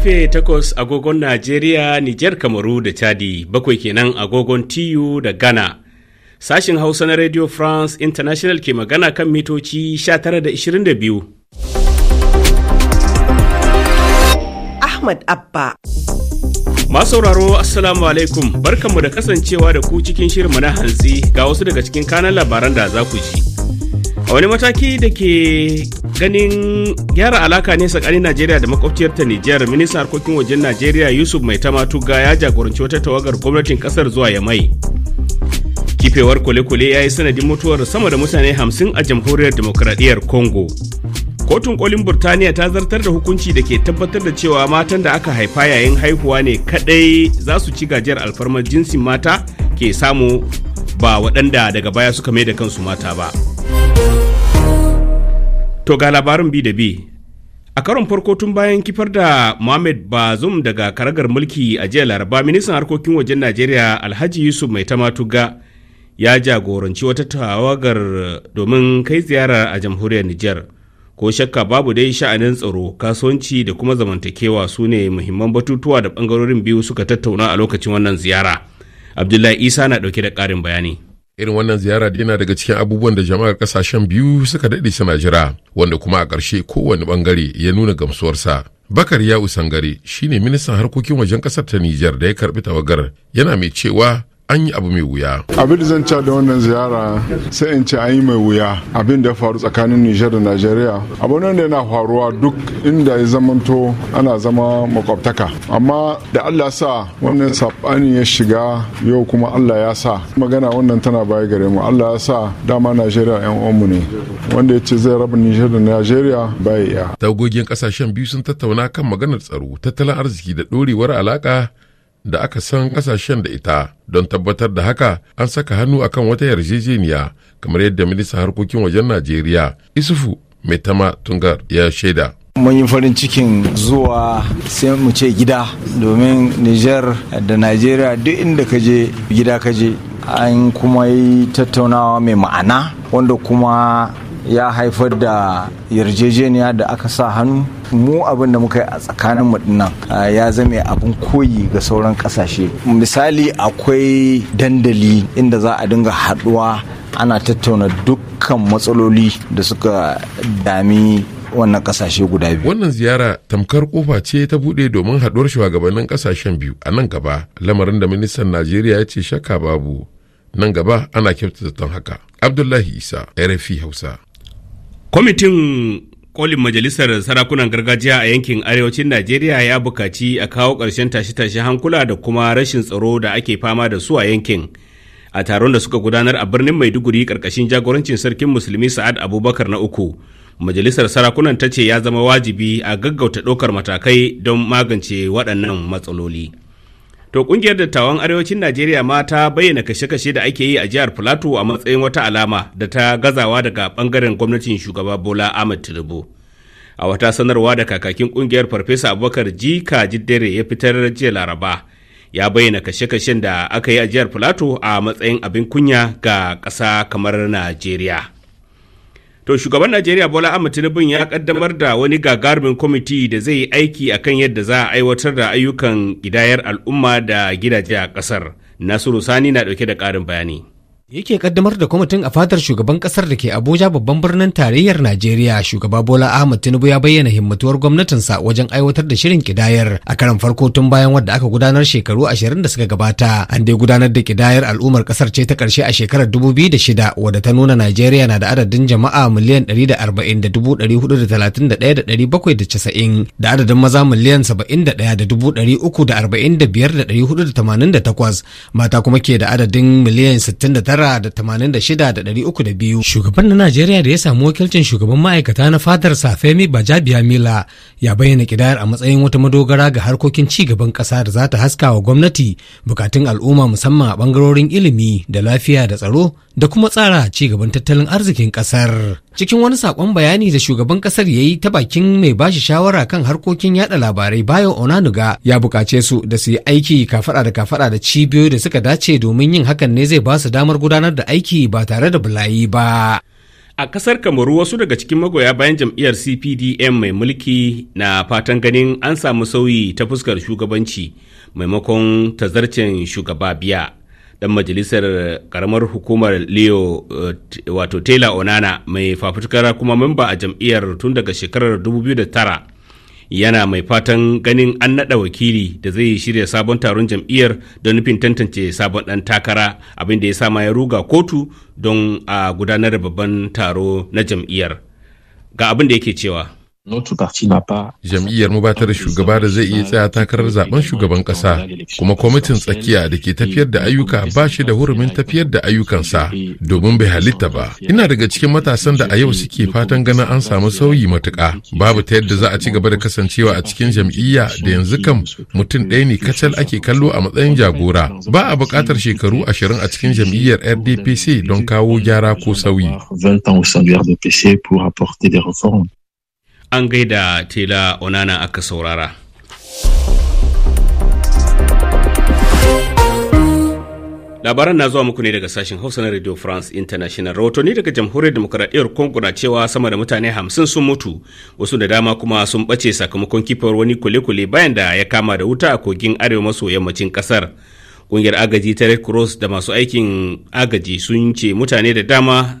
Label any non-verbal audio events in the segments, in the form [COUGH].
karfe 8 agogon Najeriya, Nijar, Kamaru da Chadi, bakwai kenan agogon TU da Ghana. Sashen Hausa na Radio France International ke magana kan mitoci 1922. Ahmad Abba Masu sauraro Assalamu alaikum barkanmu da kasancewa da ku cikin shirinmu na hanzi ga wasu daga cikin kanan labaran da za ku ji. A wani mataki da ke ganin gyara alaka ne tsakanin najeriya da ta nijar ministan harkokin wajen najeriya yusuf mai tamatuga ya jagoranci wata tawagar gwamnatin kasar zuwa yamai kifewar kwale-kwale ya yi sanadin mutuwar sama da mutane hamsin a jamhuriyar demokradiyyar congo kotun kolin burtaniya ta zartar da hukunci da ke tabbatar da cewa matan da aka haifa yayin haihuwa ne kadai za su ci gajiyar alfarmar jinsin mata ke samu ba waɗanda daga baya suka mai da kansu mata ba. To ga labarin bi da bi. A karon farko tun bayan kifar da Mohamed bazum daga karagar mulki a jiya Laraba, ministan harkokin wajen Najeriya Alhaji Yusuf Mai Tamatuga ya jagoranci wata tawagar domin kai ziyara a jamhuriyar Nijar. Ko shakka babu dai sha'anin tsaro, kasuwanci da kuma zamantakewa su ne muhimman batutuwa da ɓangarorin biyu suka tattauna a lokacin wannan ziyara. Abdullahi Isa na ɗauke da ƙarin bayani. irin wannan ziyara yana daga cikin abubuwan da jama'ar kasashen biyu suka daɗe suna jira wanda kuma a ƙarshe kowane ɓangare ya nuna gamsuwarsa bakar ya usangare shine ministan harkokin wajen ƙasar ta nijar da ya karɓi tawagar yana mai cewa an yi abu mai wuya abin da zan ca da wannan ziyara sai in ce an yi mai wuya abin da ya faru tsakanin nijar da najeriya abu nan da yana faruwa duk inda ya zamanto ana zama makwabtaka amma da allah sa wannan sabani ya shiga yau kuma allah ya sa magana wannan tana baya gare mu allah ya sa dama najeriya yan uwanmu ne wanda ya ce zai raba nijar da najeriya baya iya tagogin kasashen biyu sun tattauna kan maganar tsaro tattalin arziki da dorewar alaka da aka san kasashen da ita don tabbatar da haka an saka hannu akan wata yarjejeniya kamar yadda ministan harkokin wajen najeriya isufu mai tama tungar ya shaida mun yi farin cikin zuwa sai mu ce gida domin niger da najeriya duk inda ka je gida ka je an kuma yi tattaunawa mai ma'ana wanda kuma ya haifar da yarjejeniya da aka sa hannu mu abin da muka yi a tsakanin mu dinnan ya zame abin koyi ga sauran kasashe misali akwai dandali inda za a dinga haɗuwa ana tattauna dukkan matsaloli da suka dami wannan kasashe guda biyu. Wannan ziyara tamkar kofa ce ta buɗe domin haɗuwar shugabannin kasashen biyu a nan gaba lamarin da ministan Najeriya ya ce shakka babu nan gaba ana kyautata haka. Abdullahi Isa, RFI Hausa. Kwamitin kolin majalisar sarakunan gargajiya a yankin arewacin Najeriya ya bukaci a kawo ƙarshen tashe-tashe hankula da kuma rashin tsaro da ake fama da su a yankin. A taron da suka gudanar a birnin Maiduguri ƙarƙashin jagorancin sarkin musulmi Sa'ad Abubakar na uku, majalisar sarakunan ta ce ya zama wajibi a gaggauta ɗaukar matakai don magance waɗannan matsaloli. To kungiyar dattawan arewacin Najeriya ma ta bayyana kashe-kashe da ake yi a jihar Filato a matsayin wata alama da ta gazawa daga bangaren gwamnatin shugaba Bola Ahmed Tinubu. A wata sanarwa da kakakin kungiyar Farfesa Abubakar Jika Jiddere ya fitar jiya Laraba ya bayyana kashe-kashen da aka yi a jihar Filato a matsayin abin kunya ga ƙasa kamar Najeriya. To shugaban Najeriya Bola Ahmed Tinubu ya kaddamar da wani gagarumin kwamiti da zai yi aiki akan yadda za a aiwatar da ayyukan gidayar al'umma da gidaje a ƙasar. Nasiru Sani na ɗauke da ƙarin bayani. yake kaddamar da kwamitin a fatar shugaban kasar da ke abuja babban birnin tarayyar najeriya shugaba bola ahmad tinubu ya bayyana himmatuwar gwamnatinsa wajen aiwatar da shirin kidayar a karan farko tun bayan wadda aka gudanar shekaru ashirin da suka gabata an dai gudanar da kidayar al'ummar kasar ce ta karshe a shekarar dubu biyu da shida wadda ta nuna najeriya na da adadin jama'a miliyan ɗari da arba'in da dubu ɗari hudu da talatin da ɗaya da ɗari bakwai da casa'in da adadin maza miliyan saba'in da ɗaya da dubu ɗari mata kuma ke da adadin miliyan sittin biyu shugaban na najeriya da ya samu wakilcin shugaban ma'aikata na fadar Safemi bajabiya mila ya bayyana kidayar a matsayin wata madogara ga harkokin ci gaban ƙasa da za ta haska wa gwamnati bukatun al'umma musamman a ɓangarorin ilimi da lafiya da tsaro da kuma tsara ci gaban tattalin arzikin kasar. Cikin wani sakon bayani da shugaban kasar ya yi ta bakin mai bashi shawara kan harkokin yada labarai bayan Onanuga ya bukace su da su yi aiki kafada da kafada da cibiyoyi da suka dace domin yin hakan ne zai ba su damar gudanar da aiki ba tare da bulayi ba. A kasar Kamaru wasu daga cikin magoya bayan jam'iyyar CPDM mai mulki na fatan ganin an samu sauyi ta fuskar shugabanci maimakon tazarcen shugaba biya. dan majalisar karamar hukumar leo eh, wato taylor onana mai fafutukar kuma memba a jam'iyyar tun daga shekarar 2009 yana mai fatan ganin an naɗa wakili da zai shirya sabon taron jam'iyyar don nufin tantance sabon ɗan takara abinda ya sama ya ruga kotu don a gudanar da babban taro na jam'iyyar ga abinda yake cewa Jam'iyyar mu shugaba da zai iya tsaya takarar zaben shugaban ƙasa, kuma kwamitin tsakiya da ke tafiyar da ayyuka ba shi da hurumin tafiyar da ayyukansa domin bai halitta ba. Ina daga cikin matasan da a yau suke fatan ganin an samu sauyi matuka. Babu ta yadda za a ci gaba da kasancewa a cikin jam'iyya da yanzu kam mutum ɗaya ne kacal ake kallo a matsayin jagora. Ba a buƙatar shekaru ashirin a cikin jam'iyyar RDPC don kawo gyara ko sauyi. an gaida tela onana aka saurara labaran na zuwa muku ne daga sashen hausa na radio france international rahotanni daga jamhuriyar demokuraɗiyyar congo na cewa sama da mutane hamsin sun mutu wasu da dama kuma sun ɓace sakamakon kifar wani kule-kule bayan da ya kama da wuta a kogin arewa maso yammacin ƙasar ƙungiyar agaji ta red cross da masu aikin agaji sun ce mutane da dama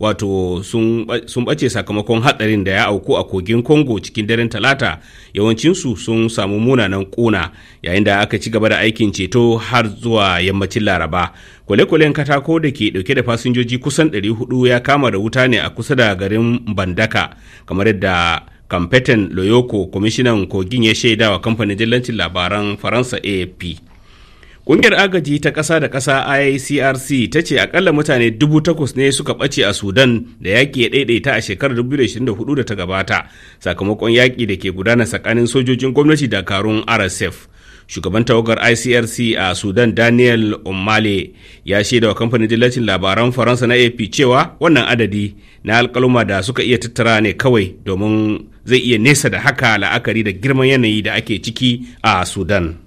wato sun bace sakamakon hatsarin da ya auku a kogin congo cikin daren talata yawancinsu sun samu munanan kuna yayin da aka ci gaba da aikin ceto har zuwa yammacin laraba kwale-kwalen katako da ke dauke da fasinjoji kusan 400 ya kama da wuta ne a kusa da garin bandaka kamar yadda kamfetan loyoko kwamishinan kogin ya shaidawa kamfanin dillancin labaran faransa afp Ƙungiyar agaji ta ƙasa da ƙasa IACRC ta ce akalla mutane dubu takwas ne suka ɓace a Sudan da yaƙi ya ɗaiɗaita a shekarar 2024 da ta gabata sakamakon yaƙi da ke gudana tsakanin sojojin gwamnati da karun RSF. Shugaban tawagar ICRC a Sudan Daniel Omale ya shaida wa kamfanin dillacin labaran Faransa na AP cewa wannan adadi na alƙaluma da suka iya tattara ne kawai domin zai iya nesa da haka la'akari da girman yanayi da ake ciki a Sudan.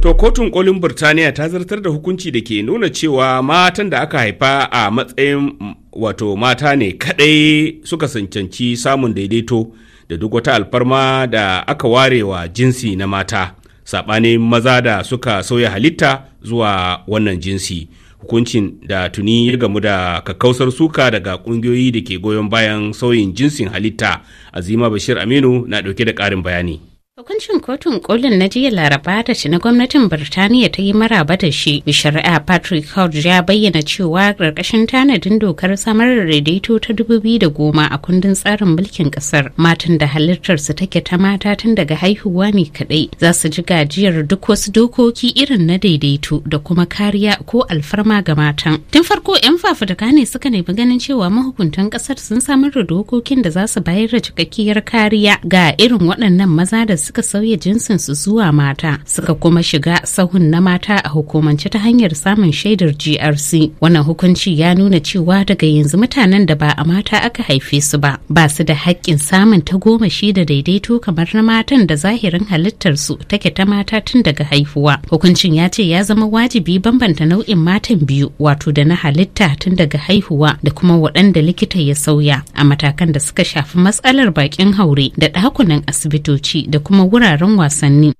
To kotun kolin birtaniya ta zartar da hukunci da ke nuna cewa matan da aka haifa a matsayin wato mata ne kadai suka sancanci samun daidaito da duk wata alfarma da aka warewa jinsi na mata, saɓanin maza da suka sauya halitta zuwa wannan jinsi. Hukuncin da tuni ya gamu da kakkausar suka daga ƙungiyoyi da ke goyon bayan sauyin jinsin halitta, Azima Bashir Aminu na ɗauke da ƙarin bayani. Hukuncin kotun kolin na jiya laraba da shi na gwamnatin Birtaniya ta yi maraba da shi. Mai shari'a Patrick Hodge ya bayyana cewa ƙarƙashin tanadin dokar samar da daidaito ta dubu biyu da goma a kundin tsarin mulkin ƙasar matan da halittarsu take ta mata tun daga haihuwa ne kaɗai za su ji gajiyar duk wasu dokoki irin na daidaito da kuma kariya ko alfarma ga matan. Tun farko 'yan fafutuka ne suka nemi ganin cewa mahukuntan ƙasar sun samar da dokokin da za su bayar da cikakkiyar kariya ga irin waɗannan maza da su suka sauya jinsinsu zuwa mata suka kuma shiga sahun na mata a hukumance ta hanyar samun shaidar GRC. Wannan hukunci ya nuna cewa daga yanzu mutanen da ba a mata aka haife su ba ba su da hakkin samun ta goma shi da daidaito kamar na matan da zahirin halittar su take ta mata tun daga haihuwa. Hukuncin ya ce ya zama wajibi bambanta nau'in matan biyu wato da na halitta tun daga haihuwa da kuma waɗanda likita ya sauya a matakan da suka shafi matsalar bakin haure da ɗakunan asibitoci da kuma kuma wuraren wasanni.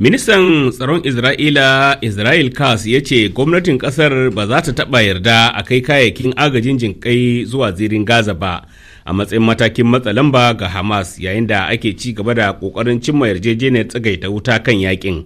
Ministan tsaron Isra'ila Israel Kass ya ce gwamnatin kasar ba za ta taɓa yarda a kai kayayyakin agajin jinƙai zuwa zirin Gaza ba. a matsayin matakin matsa lamba ga Hamas yayin da ake ci gaba da kokarin cimma yarjejeniyar tsagaita wuta kan yakin.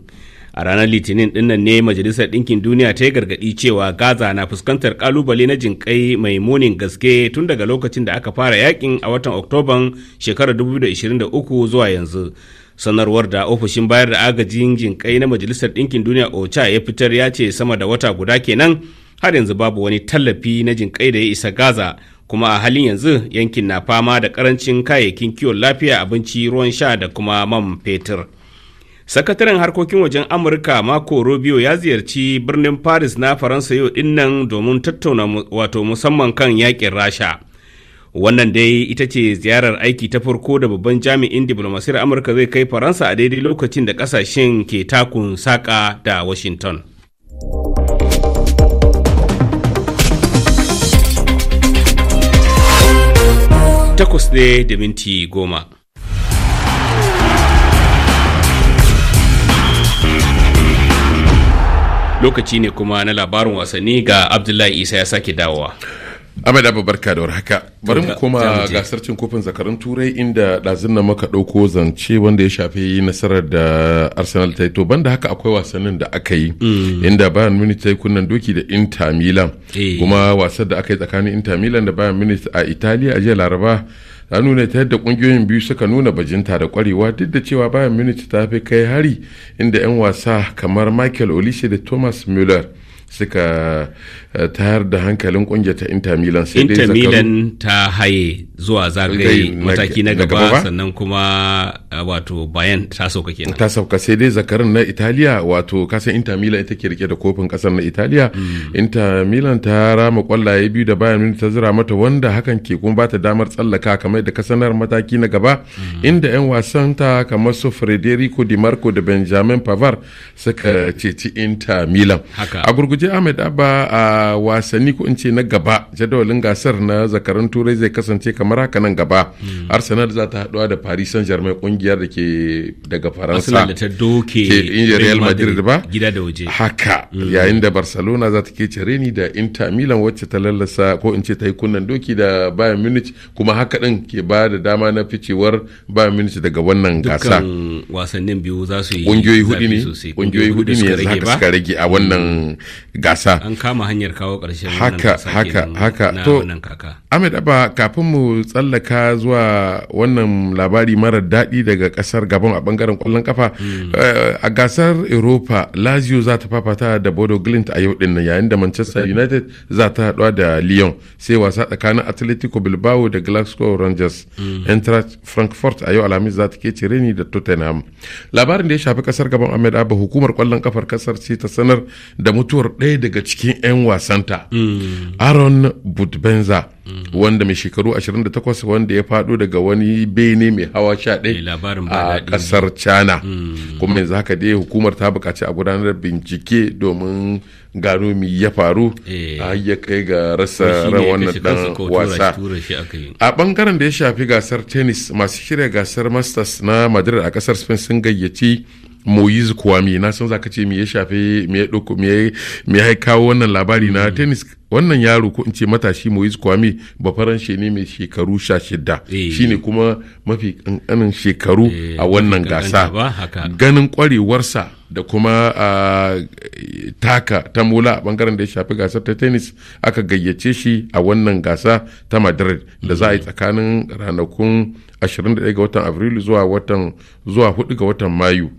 A ranar Litinin dinnan ne Majalisar Ɗinkin Duniya ta yi gargaɗi cewa Gaza na fuskantar ƙalubale na jinƙai mai munin gaske tun daga lokacin da aka fara yakin a watan Oktoban shekarar 2023 zuwa yanzu. sanarwar da ofishin bayar da agajin jinkai na majalisar ɗinkin duniya ocha ya fitar ya ce sama da wata guda kenan har yanzu babu wani tallafi na jinkai da ya isa gaza kuma a halin yanzu yankin na fama da karancin kayayyakin kiwon lafiya abinci ruwan sha da kuma man fetur sakataren harkokin wajen amurka mako robio ya ziyarci birnin paris na faransa yau dinnan domin tattauna wato musamman kan yakin rasha Wannan dai ita ce ziyarar aiki ta farko da babban jami'in diplomasiyar Amurka zai kai Faransa a daidai lokacin da kasashen ke takun saka da Washington. Takwas ne da minti goma. Lokaci ne kuma na labarin wasanni ga Abdullahi Isa ya sake dawowa. Ahmed da barka da warhaka. Bari mu koma gasar cin kofin zakarun Turai inda ɗazun na muka ɗauko zance wanda ya shafi nasarar da Arsenal ta yi to banda haka akwai wasannin da aka yi mm. inda Bayern Munich ta yi kunnan doki da Inter Milan. Eh. Kuma wasan da aka yi tsakanin Inter Milan da Bayern Munich a Italiya a jiya Laraba ta nuna ta yadda kungiyoyin biyu suka nuna bajinta da kwarewa duk da cewa bayan Munich ta fi kai hari inda 'yan wasa kamar Michael Olise da Thomas Muller. suka eh, tayar da hankalin kungiyar ta Inter Milan sai dai Inter Milan ta haye zuwa zagaye mataki na gaba sannan kuma eh, wato bayan ta sauka kenan ta sauka sai dai zakarin na Italiya wato kasan Inter Milan ita ke rike da kofin kasar na Italiya hmm. Inter Milan ta rama kwallaye biyu da Bayern Munich ta zira mata wanda hakan ke kuma bata damar tsallaka kamar da kasanar mataki na gaba hmm. inda yan wasan ta kamar su Federico Di Marco da Benjamin Pavard suka eh. ceci Inter Milan a guji ahmed abba a wasanni ko in ce na gaba jadawalin gasar na zakarun turai zai kasance kamar haka nan gaba hmm. arsenal za ta haduwa da paris saint germain kungiyar da ke daga faransa ta doke real madrid ba gida da waje haka hmm. yayin da barcelona za ta kece reni da inter milan wacce ta lallasa ko in ce ta yi kunnan doki da bayern munich kuma haka din ke ba da dama na ficewar bayern munich daga wannan gasa wasannin biyu za su yi kungiyoyi hudu ne kungiyoyi hudu ne za haka rage a wannan hmm. gasa an kama hanyar kawo ƙarshen haka haka haka to ahmed abba kafin mu tsallaka zuwa wannan labari mara daɗi daga ƙasar gabon a bangaren ƙwallon kafa hmm. eh, a gasar europa lazio za ta fafata da bodo glint a yau din nan yayin da manchester united za ta haɗuwa da lyon sai wasa tsakanin atletico bilbao da glasgow rangers hmm. eintracht frankfurt a yau alhamis za ta ke cire ni da tottenham labarin da ya shafi ƙasar gabon ahmed abba hukumar ƙwallon kafar ƙasar ce ta sanar da mutuwar ɗaya daga cikin 'yan wasanta aaron budbenza wanda mai shekaru 28 wanda ya faɗo daga wani bene mai hawa 11 a ƙasar china hmm. kuma yanzu haka dai hukumar ta bukaci a gudanar bincike domin gano mi ya faru eh. a ya kai ga rasa wannan dan wasa a bangaren da ya shafi gasar tennis masu shirya gasar masters na madrid a ƙasar spain sun gayyaci moyiz kwami na san zaka ce me ya shafe me ya dauko me ya kawo wannan labari na mm. tennis wannan yaro ko in ce matashi moyiz kwami ba faranshe ne mai shekaru sha shida eh. shine kuma mafi kankanin shekaru eh, a wannan gasa ganin kwarewarsa da kuma taka ta mola a bangaren da ya shafi gasar ta tennis aka gayyace shi a wannan gasa ta madrid da za a yi mm. tsakanin ranakun 21 ga watan afrilu zuwa watan zuwa 4 ga watan mayu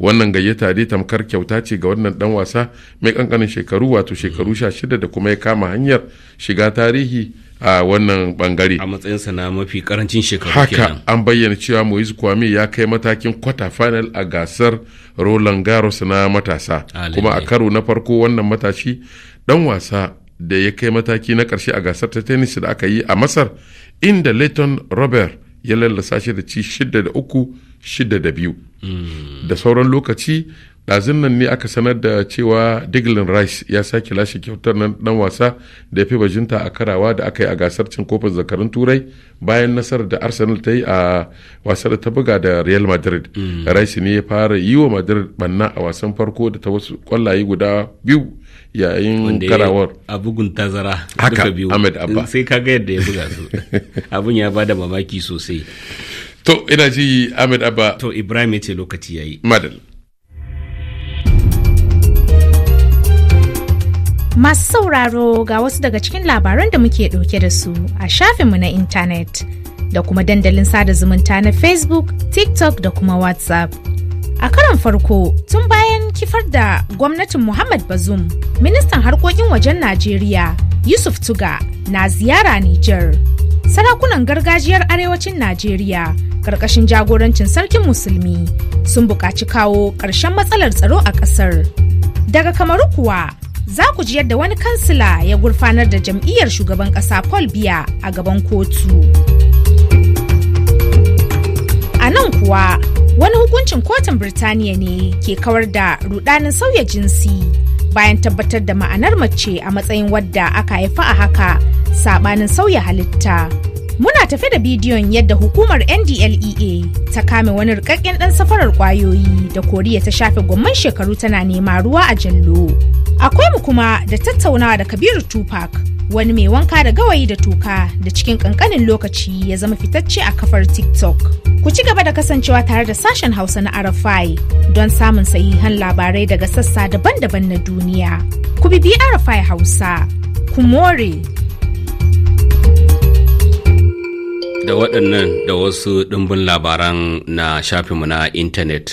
wannan gayyata dai tamkar kyauta ce ga wannan dan wasa mai kankanin shekaru wato shekaru sha shida da kuma ya kama hanyar shiga tarihi a wannan bangare a matsayinsa na mafi karancin shekaru haka an bayyana cewa moise kwame ya kai matakin kwata final a gasar roland garros na matasa kuma a karo na farko wannan matashi dan wasa da ya kai mataki na karshe a gasar ta tennis da aka yi a masar inda leighton robert ya lallasa shi da ci shida da uku shida da biyu da sauran lokaci ɗazin nan ne aka sanar da cewa diglin rice ya sake lashe kyautar nan dan wasa da ya fi bajinta a karawa da aka yi a gasar cin kofin zakarun turai bayan nasarar da arsenal ta yi a wasar da ta buga da real madrid mm. rice ne ya fara yi wa madrid banna a wasan farko da ta wasu kwallaye guda biyu yayin karawar a bugun tazara haka ahmed abba sai kaga yadda ya buga su [LAUGHS] abin ya bada mamaki sosai To ina ji Ahmed Abba. To Ibrahim ya ce lokaci ya Madal. Masu sauraro ga wasu daga cikin labaran da muke ɗauke da su a shafinmu na intanet da kuma dandalin sada zumunta na Facebook, TikTok da kuma WhatsApp. A karon farko tun bayan kifar da gwamnatin Muhammad Bazoum, ministan harkokin wajen Najeriya Yusuf Tuga na ziyara Nijar. sarakunan gargajiyar arewacin Najeriya ƙarƙashin jagorancin sarkin musulmi sun buƙaci kawo ƙarshen matsalar tsaro a ƙasar. Daga kamaru kuwa za ku ji yadda wani kansila ya gurfanar da jam'iyyar shugaban ƙasa Paul Biya a gaban kotu. A nan kuwa wani hukuncin kotun Birtaniya ne ke kawar da rudanin sauya jinsi. bayan tabbatar da ma'anar mace a matsayin wadda aka haifa a haka sabanin sauya halitta. Muna tafe da bidiyon yadda hukumar NDLEA ta kame wani rikakken ɗan safarar ƙwayoyi da Koriya ta shafe gwamman shekaru tana nema ruwa a jallo. Akwai mu kuma da tattaunawa da Kabiru Tupac wani mai wanka da gawayi da tuka da cikin kankanin lokaci ya zama fitacce a kafar tiktok ku ci gaba da kasancewa tare da sashen hausa na arafai don samun sahihan labarai daga sassa daban-daban na duniya ku bibi arafai hausa ku more da waɗannan da wasu ɗimbin labaran na shafinmu na intanet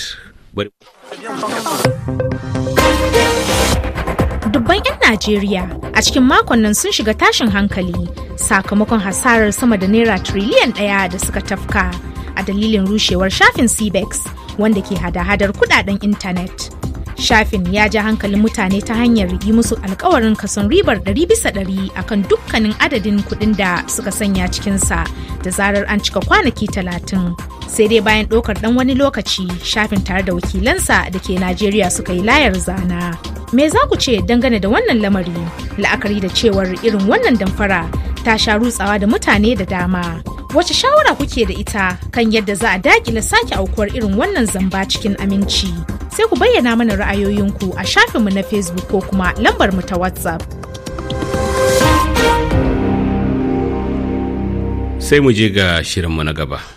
dubban 'yan Najeriya a cikin makon nan sun shiga tashin hankali sakamakon hasarar sama da naira triliyan ɗaya da suka tafka a dalilin rushewar shafin CBEX wanda ke hada-hadar kudaden intanet. Shafin ya ja hankalin mutane ta hanyar yi musu alkawarin kason ribar ɗari bisa ɗari akan dukkanin adadin kuɗin da suka sanya cikinsa da zarar an cika kwanaki talatin. sai dai bayan ɗaukar ɗan wani lokaci shafin tare da wakilansa da ke Najeriya suka yi layar zana. Me za ku ce dangane da wannan lamari la'akari da cewar irin wannan damfara ta sha rutsawa da mutane da dama. Wace shawara kuke da ita kan yadda za a dakile sake aukuwar irin wannan zamba cikin aminci? Sai ku bayyana mana ra'ayoyinku a shafinmu na Facebook ko kuma lambar mu ta WhatsApp. Sai mu je ga mu na gaba.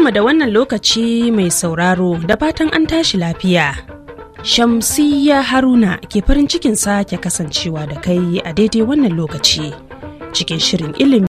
Barkanmu da wannan lokaci mai sauraro da fatan an tashi lafiya. Shamsiyya Haruna ke farin cikin sake kasancewa da kai a daidai wannan lokaci cikin shirin ilimi